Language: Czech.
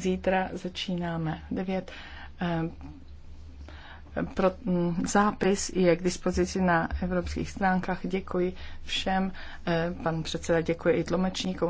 Zítra začínáme 9. Ehm, pro, hm, zápis je k dispozici na evropských stránkách. Děkuji všem. Ehm, pan předseda děkuji i tlumečníkům.